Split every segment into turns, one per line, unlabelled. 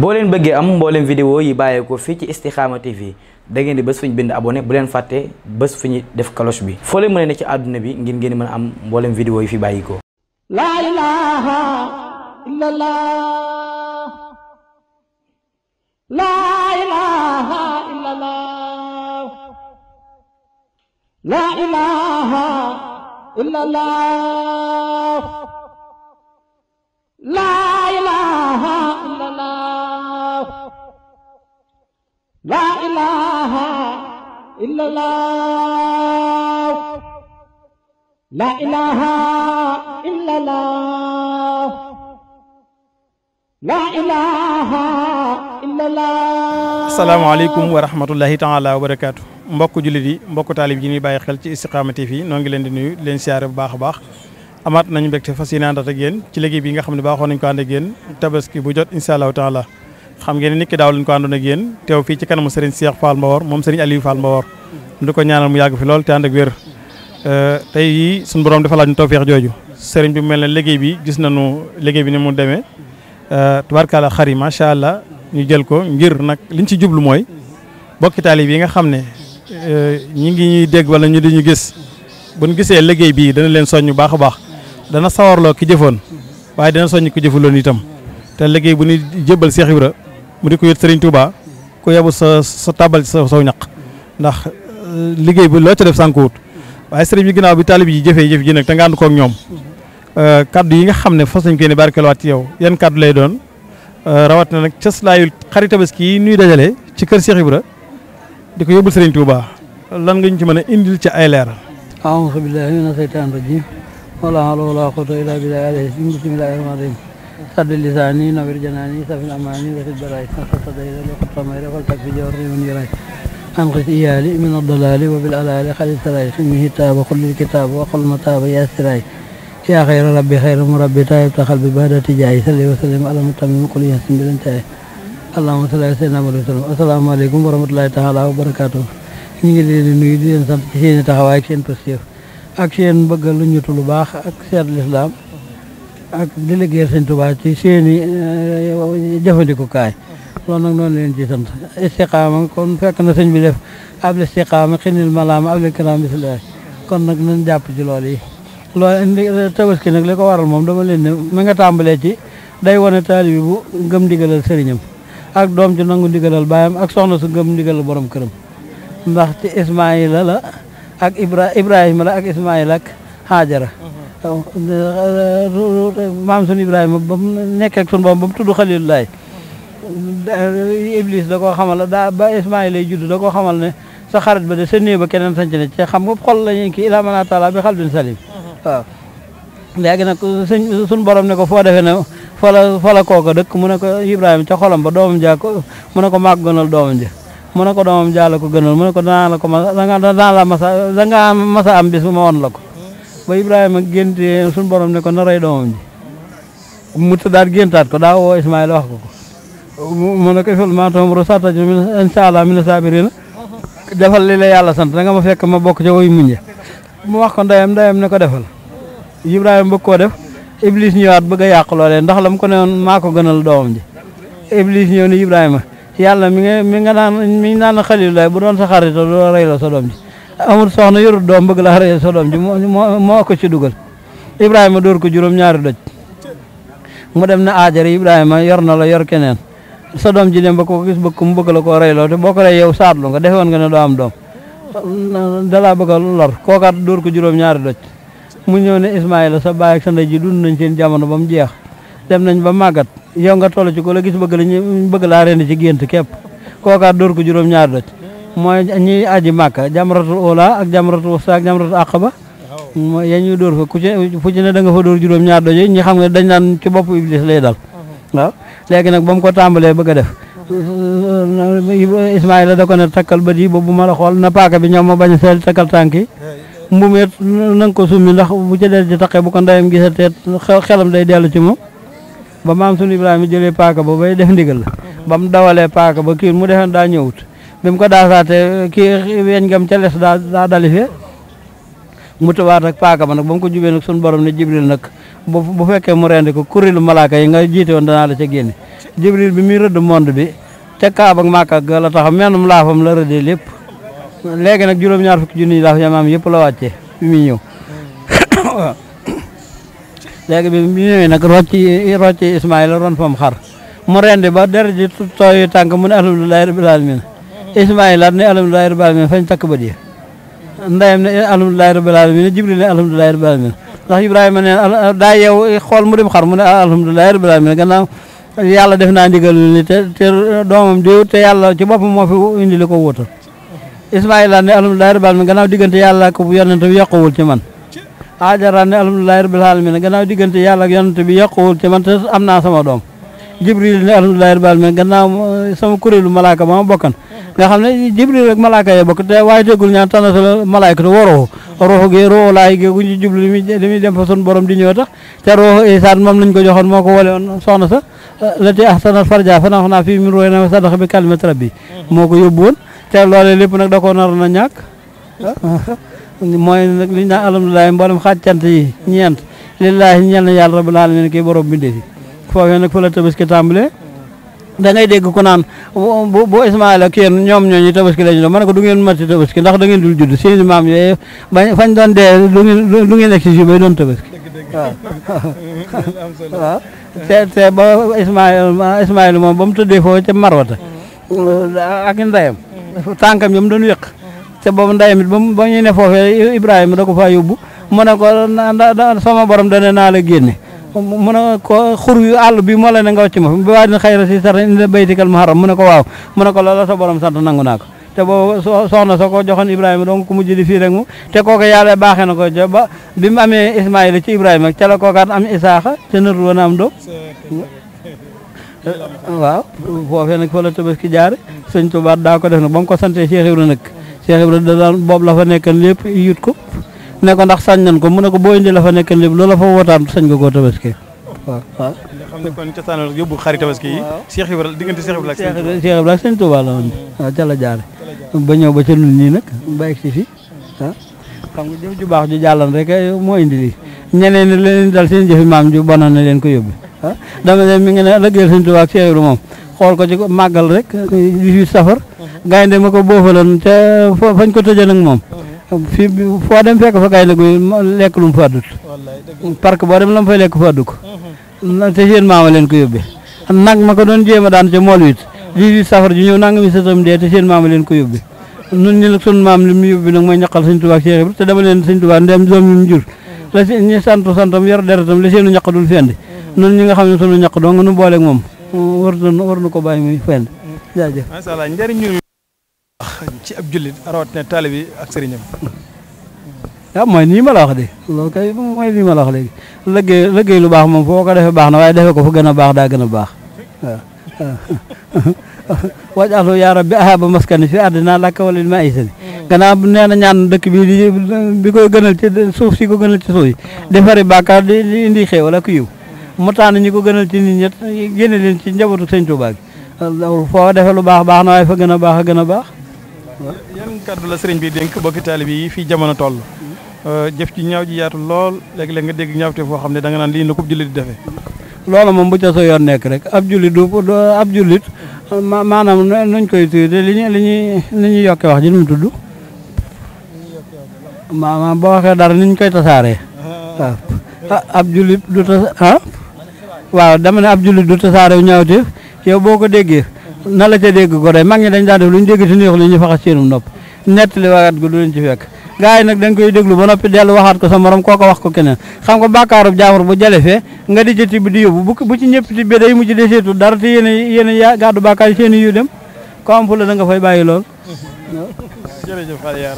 boo leen bëggee am mbooleem vidéo yi bàyyeekoo fii ci Istikhama TV da ngeen di bés fu ñu bind abonné bu leen fàtte bés fu def cloche bi foo leen mën ne ci àdduna bi ngir ngeen mën am mbooleem vidéo yi fi bàyyikoo
laa ilaha illallah laa ilaaha illallah laa ilaaha illallah laa ilaaha illallah asalaamaaleykum
wa rahmatullahi taala wa barakaatu mbokk jullit yi mbokk taalib yi ñuy bàyyi xel ci Istikhama TV noo ngi leen di nuyu leen siyaare bu baax a baax amaat nañu mbégte fas yéene àndat ak yéen ci liggéey bi nga xam ne baaxoo nañu ko ànd ak tabaski bu jot incha allahu taala xam ngeen ni ki daaw lañ ko àndoon ak yéen teew fii ci kanamu Serigne Cheikh Fall Mbawor moom Serigne Aliou Fall Mbawor du ko ñaanal mu yàgg fi lool te ànd ak wér euh, tey yi suñu borom dafa laaj ñu jooju Serigne bi mu mel na liggéey bi gis na nañu liggéey bi ni mu demee euh, tubaarkaala xar yi macha allah ñu jël ko ngir nag liñ ci jublu mooy bokki taalib yi nga xam ne euh, ñi ngi ñuy dégg wala ñu di ñu gis buñ gisee liggéey bii dana leen soññ baax a baax dana sawarloo ki ki jëfuloon itam te liggéey bu ñuy jëbal mu di ko yët Serigne Touba ko yebu sa sa tabal sa saw ñaq ndax euh, liggéey bi loo ca def sànkuwut waaye sëriñ bi ginnaaw bi taalib yi jëfee jëf ji nag te nga ànd koog ñoom euh, kaddu yi nga xam ne fas nañ koy ne barkeelwaat ci yow yan kaddu lay doon euh, rawat na nag cës laayul xari tabaski kii nuy dajale ci kër Cheikh Ibra di ko yóbbul Serigne Touba
lan nga ñu ci mën a indil ci ay leer aouzu billahi mina shaytaani rajim سد لساني نور جناني سفن أماني وفي البلاي نصر صدري لقد طمير فلتكفي جوري من جراي أنقذ إيالي من الضلال وبالألال خلي السراي خمه تاب وقل الكتاب وقل متاب يا السراي يا خير ربي خير مربي تايب تخل ببهدة جاي سلي وسلم على متمم قل يهسم بالانتهي اللهم صل على سيدنا محمد وسلم السلام عليكم ورحمة الله تعالى وبركاته ñu ngi leen di nuyu di leen sant ci seen i taxawaay ak seen positif ak seen bëggal lu ñutu lu baax ak seet lislaam ak di liggéeyal sëñ Tuubaa ci seeni eh, jëfandikukaay loolu nag noonu leen ci sant istiqaama kon fekk na sëñ bi def ab istiqaama xinil malaama ab likraam bisimilah kon nag nañ jàpp ci loolu yi loolu indi eh, tabaski nag li ko waral moom dama leen ne mi nga tàmbalee ci day wane taali bi bu gëm ndigalal sëriñam ak doom ci nangu ndigalal baayam ak soxna su gëm ndigalal borom këram ndax ci Ismaayila la ak Ibra Ibrahima la ak Ismaayila ak Haajara waaw maam sunu Ibrahima ba mu nekk ak sunu borom ba mu tudd Xalilulaay Iblis da koo xamal daa ba Ismaayil judd da koo xamal ne sa ba de sa ba keneen sanc ci xam nga la ñuy kii ilaa man taala bi xalbin salim waaw léegi nag ne ko foo defee ne kooka dëkk mu ko Ibrahima ca ba doomam jaa ko mu ne ko maag gënal doomam ja mu ko doomam jaa la ko gënal mu ne ko danaa la ko mas dangaa la masa dangaa masa am bis ma woon la ko ba Ibrahima génte suñu borom ne ko na rey doomam ji mu tëddaat géntaat ko daa woo Ismaïla wax ko ko mu ne ko fil maa ta'muru sataju inshaa Allah mina saabiriina defal li la yàlla sant da nga ma fekk ma bokk ca woy muñ mu wax ko ndeyam ndeyam ne ko defal Ibrahima bëgg koo def Iblis ñëwaat bëgg a yàq loolee ndax la mu ko ne woon maa gënal doomam ji Iblis ñëw ne Ibrahima yàlla mi nga mi nga naan mi naan xalilulaay bu doon sa xarit doo rey la sa amul soxna yor doom bëgg la rëy sa doom ji moo ko ci dugal Ibrahima dóor ko juróom-ñaari doj mu dem na aajari Ibrahima yor na la yor keneen sa doom ji dem ba ko gis bëgg la koo rey loo te boo ko rey yow doo am doom dalaa bëgg a lor kookaat dóor ko juróom-ñaari doj mu ñëw ne Ismaïla sa baay ak ji dun nañ seen jamono ba mu jeex dem nañ ba màggat yow nga toll ci ko la gis bëgg la bëgg laa rend ci gént képp kookaat dóor ko juróom-ñaari doj mooy ñi aji màkka jamratul ola ak jamratul wusta ak jamratul aqaba ya ñuy dóor fa ku ci fu ci ne da nga fa dóor juróom ñaar dojo ñi xam ne dañ naan ci bopp iblis lay dal waaw léegi nag ba mu ko tàmbalee bëgg a def Ismaayla da ko ne takkal bët yi boobu ma a xool na paaka bi ñoom ma bañ a seel takkal tànk yi mbumeet na ko summi ndax bu ca del ci taqee bu ko ndeyam gisa teet xelam day dellu ci moom ba maam sunu Ibrahima jëlee paaka ba bay def ndigal la ba mu dawalee paaka ba kii bi mu ko daasaatee kii weñ ngam ca les daa dalife mu tubaat ak paaka ba nag ba mu ko jubee nag sunu borom ne jibril nag bu fekkee mu rendi ko kuréelu malaaka yi nga jiite woon danaa la ca génne jibril bi mu rëdd monde bi ca kaaba ak màkka ga la taxaw mennum laafam la rëddee lépp léegi nag juróom-ñaar fukki junniy laaf yamaam yëpp la wàccee bi muy ñëw léegi bi mu ñëwee nag rocci rocci ismaila ron fam xar mu rendi ba der ji tooyi tànk mu ne alhamdulilahi rabbil alamin ismailaat ne alhamdulilahi rabbil alamin fañ takk bët yi ndayam ne alhamdulilahi rabbil alamin jibril ne alhamdulilahi rabbil alamin ndax ibrahima ne daa yow xool mu dem xar mu ne alhamdulilahi rabbil alamin gannaaw yàlla def naa ndigal li te te doomam diw te yàlla ci boppam moo fi indi li ko wóotal ismailaat ne alhamdulilahi rabbil alamin gannaaw diggante yàlla ak yonent bi yàquwul ci man ajara ne alhamdulilahi rabbil alamin gannaaw diggante yàlla ak yonent bi yàquwul ci man te am naa sama doom jibril ne alhamdulilahi rabbil alamin gannaaw sama kuréelu malaaka ba ma bokkan nga xam ne jibril rek malaaka ya bokk te waaye tegul ñaan tanasal malaayka tu waroo ruuxu gi ruuxu laay gi ku ñu jublu li muy dem fa sun borom di ñëw tax te ruuxu isaan moom lañ ko joxoon moo ko wale woon soxna sa eh, lati ahsanat farja fanax naa fii min ruuxi na sadax bi kalimat rabbi moo ko yóbbu woon te loolee lépp nag da koo nar na ñàkk mooy nag li ñu naan mboolem xaaj yi ñeent lillaahi ñeel yàlla rabbil alamin kii borom da ngay dégg ku naan bu bu Ismaayla ñoom ñooñu tabaski lañu doon ma ne ko du ngeen matti tabaski ndax da ngeen dul judd seen maam yooyu bañ doon dee du ngeen du ngeen doon tabaski te te ba moom ba mu tëddee foofu ca Marwata mm-hmm. ak ndeyam mm-hmm. tànkam yam doon yëq mm-hmm. te boobu ndeyam ba ba ñu ne foofee Ibrahima da ko faa yóbbu mu ne ko sama borom dana naa la génne mu a ko xur yu àll bi moo la ne nga wàcc ma bi waa din xayra si sar ina baytikal muharram mu ne ko waaw mu ne ko loola sa borom sant nangu naa ko te boobu soxna soo ko joxoon Ibrahima donc ku mujj di fii rek mu te kooka yàlla baaxee na ko jo ba bi mu amee Ismaïla ci Ibrahima ca la kookaat am Isaaxa ca nër woon am doom waaw foofee nag fa la tabaski jaare sëñ Tuubaa daa ko def nag ba mu ko santee Cheikh Ibra nag Cheikh Ibra da la fa ne ko ndax sañ nañ ko mu ne ko boo indi la fa nekk lépp loola fa wootaan sañ nga koo tabaski waaw
waaw. xam ne kon cosaan la yóbbu xari tabaski yi. waaw Cheikh ba
ñëw ba ca nun ñii nag ba egg si fii ju baax ju jàllan rek eh, moo indi lii ñeneen ñi leen dal seen jëfi maam ju bonoon na leen ko yóbbu ah dama leen mi ngi ne lëggeel sëñ Touba ak Cheikh Ibrahima moom xool ko ci màggal rek 18 eh, safar gaynde ma ko boofaloon ca fañ ko tëjee moom fii foo dem fekk fa gaynde guy lekk lu mu fàddut parc boo dem la mu fay lekk fàddu ko mhm. te seen maama leen ko yóbbee nag ma ko doon jéem a daan ca mool wit dix safar ji ñëw nanga mi satam dee te seen maama leen ko yóbbee nun ñi nag sun maam li mu yóbbi nag mooy ñaqal sëñ Tuubaa Cheikh Ibra te dama leen sëñ Tuubaa ndem doom ñu jur mhm. la ñu santu santam yor deretam la seenu ñaq dul fendi mhm. nun ñi nga xam ne sunu ñaq doo nu booleeg moom war nu ko bàyyi muy fendi
ci ab jullit rawatina taalibe bi ak sëriñam.
waaw ah, mooy nii ma wax de loolu kay ma la wax léegi lu baax moom foo ko defee baax na waaye defee ko fu gën a baax daa gën a baax waaw. wajaxlu yaa rabbi ahaba maskani fi ardina lakka walil ma aysani gannaaw nee na ñaan dëkk bi di bi koy gënal ci suuf si ko gënal ci suuf defari bàkkaar di indi xéewal ak yiw mu tànn ñi ko gënal ci nit ñett génne leen ci njabootu sëñ Tuubaa gi foo defe lu baax baax na waaye fa gën a baax a gën a baax yan kàddu la sëriñ bi dénk
bokki taalibe yi fii jamono toll euh, jëf ci ñaaw ji yaatu lool léeg-léeg nga dégg ñaawte foo xam ne da
nga naan lii na ko jullit di defee loolu moom bu ca sa yoon nekk rek ab jullit du ab jullit maanaam nuñ koy tuddee li ñu li ñuy li ñuy yokke wax ji nu mu tudd maanaam boo waxee dara ni ñu koy tasaaree waaw ah. ah, ah, ab du tas ah waaw dama ne ab jullit du tasaare ñaawte yow boo ko déggee na la ca dégg gore mag ñi dañ daan def lu dégg ci néex li ñu faxas seenum nopp nettali waxaat ko du leen ci fekk gaa yi nag da ba noppi dellu waxaat ko sa morom kooko wax ko keneen xam nga bàkkaarub jaamur bu jalefee nga di jëti bi di yóbbu bu ci ñëpp ti bi day mujj deseetul dara te yéen a a yaa gàddu bàkkaar yi seen i dem ko fu la da nga fay bàyyi lool
jërëjëf xale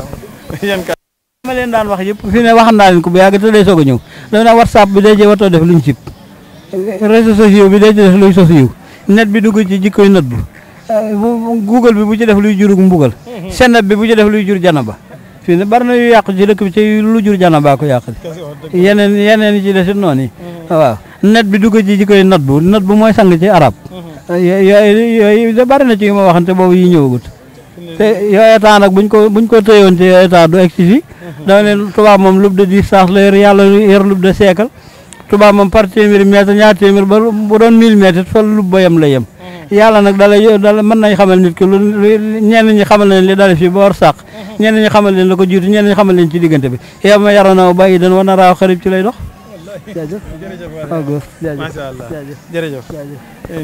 ma leen daan wax yëpp fii ne waxam ko bu yàgg te day soog a ñëw daf naa whatsapp bi day ci watoo def luñ cib réseaux sociaux bi day Eh, google bi bu ci def luy jurug mbugal mhm. senab bi bu ci def luy jur janaba fii ne bari na yu yàqu ci dëkk bi ci lu jur janaba ko yàq yeneen yeneen yi ci desit noonu yi mhm. waaw net bi dugg ci ci koy nat bu nat bu mooy sang ci arab yooyu yooyu da bari ci yu ma waxante boobu yi ñëwagut te yooyu état nag buñ ko buñ ko tëyoon ci yooyu état du exige mhm. dama leen tubaab moom lub de distance la yor yàlla yor lub de siècle tubaab moom par téeméeri mètre ñaar yàlla nag dala dala mën nañ xamal nit ki lu ñenn ñi xamal leen li dale fii ba war sàq mhm. ñenn ñi xamal leen la ko jiitu ñenn ñi xamal leen ci diggante bi yow ma yaronaw bàyyi dan war na raaw xarib ci lay dox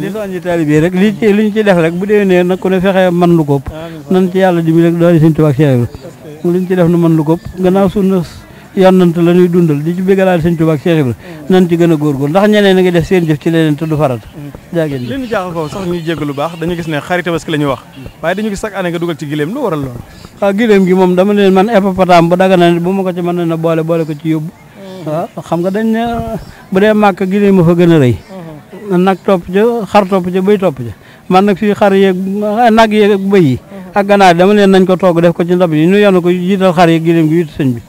li soññi taalib yi rek li ñu ci def rek bu dee nee nag ku ne fexe man lu ko ëpp nan ci yàlla dimbali rek doole suñu tubaab seex bi lu ñu ci def nu man lu ko ëpp gannaaw sunna yonant la ñuy dundal di ci bégalaale sëñ Tuubaa ak Cheikh Ibra mm. nan ci gën a góorgóor ndax ñeneen a def seen jëf ci leneen te du farat mm. jaagéen
li ñu jaaxal foofu sax ñuy jégg lu baax dañu
gis ne xarit Tabaski la ñuy wax waaye dañu gis chaque année nga dugal ci gileem lu waral loolu waaw ah, gileem gi moom dama leen man eppatam ba daga na bu ma ko ci mën na boole boole ko ci yóbbu waaw mm. ah, xam nga dañ ne bu dee màkk gileem fa gën a rëy mm-hmm. nag topp ca xar topp ah, mm-hmm. ci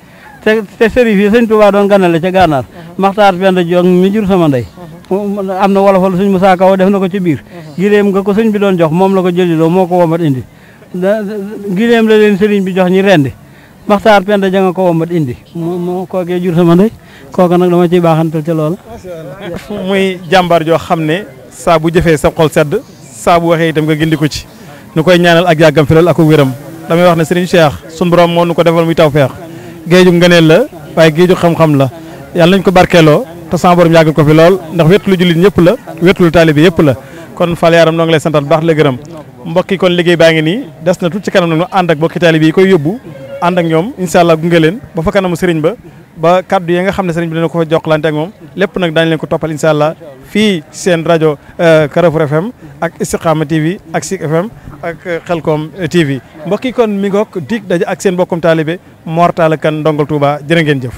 te te sëriñ yi sëñ Touba doon ganale ca gànnaar uh-huh. maxtaar benn jong mi jur sama ndey uh-huh. um, am na suñ sëñ Moussa Kaw def na ko ci biir uh-huh. giléem nga ko sëñ bi doon jox moom la ko jëliloo moo ko womat indi giléem la leen sëriñ bi jox ñi rendi maxtaar penda ja nga ko womat indi moo kookee jur sama ndey kooka nag dama ciy baaxantal ca loola muy jàmbaar
joo xam ne saa bu
jëfee sa xol sedd saabu bu waxee
itam nga gindi ko ci nu koy ñaanal ak yàggam filal ak wéram damay wax ne sëriñ Cheikh sun borom moo nu ko defal muy tawfeex géeju ngëneel la waaye géeju xam-xam la yàlla nañ ko barkeeloo te sama borom ko fi lool ndax wétlu jullit ñëpp la wétlu taalibe yëpp la kon Fall Yaram noo ngi lay santal baax la gërëm mbokki kon liggéey baa ngi nii des na tuuti ci kanam nag ñu ànd ak mbokki taalibe yi koy yóbbu ànd ak ñoom incha allah gunge leen ba fa kanamu sëriñ ba ba kaddu yi nga xam ne sëriñ bi dina ko fa jokkalante ak moom lépp nag daañu leen ko toppal incha allah fii seen rajo Carrefour euh, FM ak Istiqama TV ak Sik FM ak Xelkom TV mbokk yi kon mi ngoog dig daje ak seen bokkum taalibe Mor Talla Kane ndongal Touba jëf.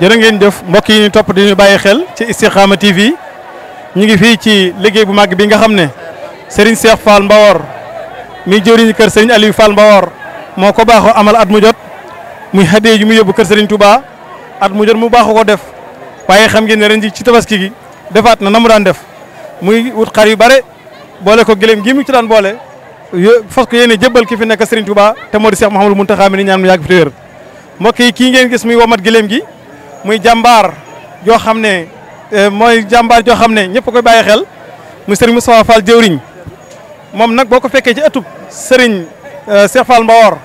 jërë ngeen jëf mbokk yi ñu topp di ñu bàyyi xel ci Istikhama TV ñu ngi fii ci liggéey bu màgg bi nga xam ne Serigne Cheikh Fall Mbawor mi jëriñ kër Serigne Aliou Fall Mbawor moo ko baaxoo amal at mu jot muy xadee ju mu yóbbu kër Serigne Touba at mu jot mu baaxoo ko def waaye xam ngeen ne ren ji ci tabaski gi defaat na na mu daan def muy wut xar yu bare boole ko gëléem gi mu ci daan boole fas ko yéene jëbbal ki fi nekk Serigne Touba te moo di Cheikh Mouhamadou Mountakha mi ni ñaan mu yàgg fi te wér mbokk yi kii ngeen gis muy gi muy jàmbaar joo xam ne euh, mooy jàmbaar joo xam ne ñëpp koy bàyyi xel mu muy mu Moustapha Fall jëwriñ moom nag boo ko fekkee ci ëttub sëriñ euh, Cheikh Fall Mbawor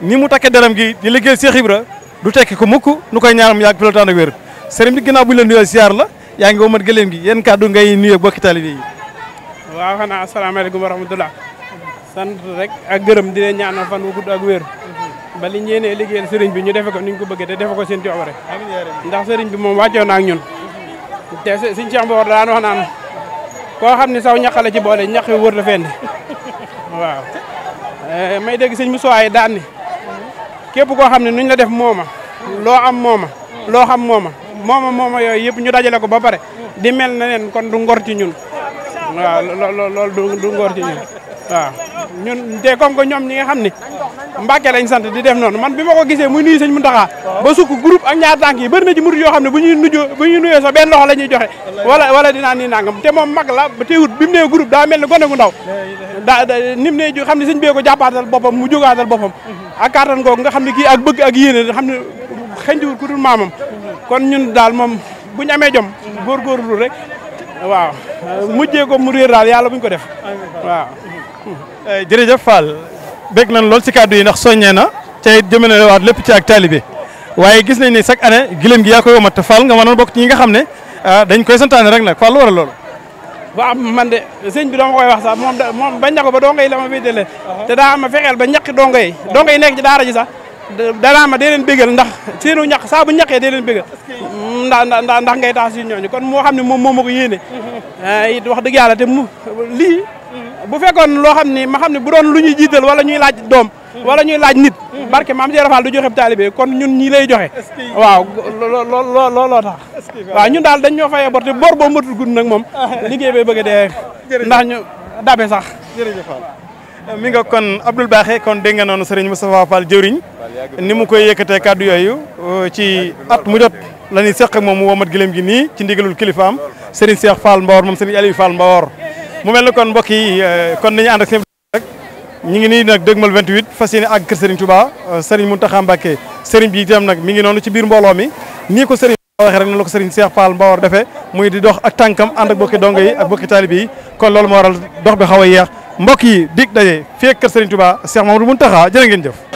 ni mu takkee deram gi di liggéey Cheikh Ibra du tekki ku mukk nu koy ñaanam yàgg pilotaan ak wér sëriñ bi ginnaaw bu ñu la nuyoo siyaar la yaa ngi womat gëléem gi yéen kàddu ngay nuyoo bokki taalibe yi
waaw xanaa asalaamaaleykum wa rahmatulah sant rek ak gërëm di leen ñaanal fan wu ak wér ba li ñu yéenee liggéeyal sëriñ bi ñu defe ko ni ñu ko bëggee te defe ko seen coobare ndax sëriñ bi moom wàccoo na ak ñun te suñ Cheikh Mbawar daan wax naan koo xam ne saw ñaq la ci boole ñaq yu wër la fenn waaw eh, may dégg sëñ Moussa yi daan ni képp koo xam ne nuñ la def mooma loo am mooma loo xam mooma mooma mooma yooyu yëpp ñu dajale ko ba pare di mel na leen kon du ngor ci ñun waaw lool loolu du ngor ci ñun waaw ñun te comme ñom ñoom ñi nga xam ni Mbàkke lañ sant di def noonu man bi ma ko gisee muy nuyu mu Muntaxa ba sukk groupe ak ñaar tànk yi bëri na ci murid yoo xam ne bu ñuy nujoo bu ñuy nuyoo sax benn loxo la ñuy joxe wala wala dinaa nii nangam te moom mag la teewut bi mu nee groupe daa mel ni gone gu ndaw daa ni mu xam ne sëñ bee ko jàppaatal boppam mu jógaatal boppam ak kàttan ko nga xam ne ki ak bëgg ak yéene xam ne xënjiwul ku dul maamam kon ñun daal moom buñu amee jom góorgóorlu rek waaw mujjee ko mu réer daal yàlla buñ ko def waaw
Eh, jërëjëf Fall bég nañ lool ci kàddu yi ndax soññee na te it jëmale waat lépp ci ak taalibe waaye gis nañ ne chaque année gilem gi yaa koy womat te Fall nga mën a bokk ci ñi nga xam ne ah, dañ koy santaane rek nag Fall lu waral loolu.
waaw man de sëñ bi dama koy wax sax moom da moom ba ñàkk ba dongo yi la ma wéetale uh-huh. te daa ma fexeel ba ñàkk dongo yi dongo yi nekk ci daara ji sax danaa ma dee leen bégal ndax seenu ñàkk saa bu ñàkkee dee leen bégal ndax mm, ndax ndax ngay tax kon moo xam ne moom moo ma ko yéene eh, it wax dëgg yàlla te bu fekkoon loo xam ni ma xam ne bu doon lu ñuy jiital wala ñuy laaj doom wala ñuy laaj nit barke maam a Fall du joxe taalibe kon ñun ñi lay joxe waaw looloo looloo tax waaw ñun daal dañ ñoo fayee bor te boo matul
gudd nag moom liggéey bay bëgg a dee ndax ñu dabe sax jërëjëf Fall mi nga kon Abdoul Bakhe kon dégg nga noonu Serigne Moustapha Fall jëwriñ ni mu koy yëkkatee kàddu yooyu euh, ci at mu jot la ñuy seq moom mu womat gëlëm gi nii ci ndigalul kilifaam Serigne Cheikh Fall Mbawor moom Serigne Aliou Fall Mbawor mu mel ne kon mbokk yi euh, kon nañu ànd ak seen rek ñu ngi nii nag dëgmal 28 fa yéene ak kër Serigne Touba euh, Serigne Mountakha Mbacké Serigne bi itam nag mi ngi noonu ci biir mbooloo mi nii ko Serigne waxee rek na la ko Serigne Cheikh Fall Mbawar defee muy di dox ak tànkam ànd ak bokki dongo yi ak bokki taalib yi kon loolu moo waral dox bi xaw a yeex mbokk yi dig daje fii ak kër Serigne Touba Cheikh Mamadou Mountakha jërë ngeen jëf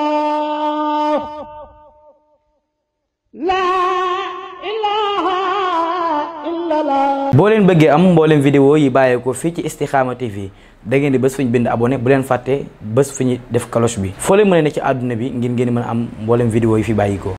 boo leen bëggee am mbooleem vidéo yi bàyyeekoo fii ci Istikhama TV da ngeen di bés ñu bind abone bu leen fàtte bés fu ñu def cloche bi foo leen mën ne ci àdduna bi ngir ngeen mën a am mbooleem vidéo yi fi bàyyikoo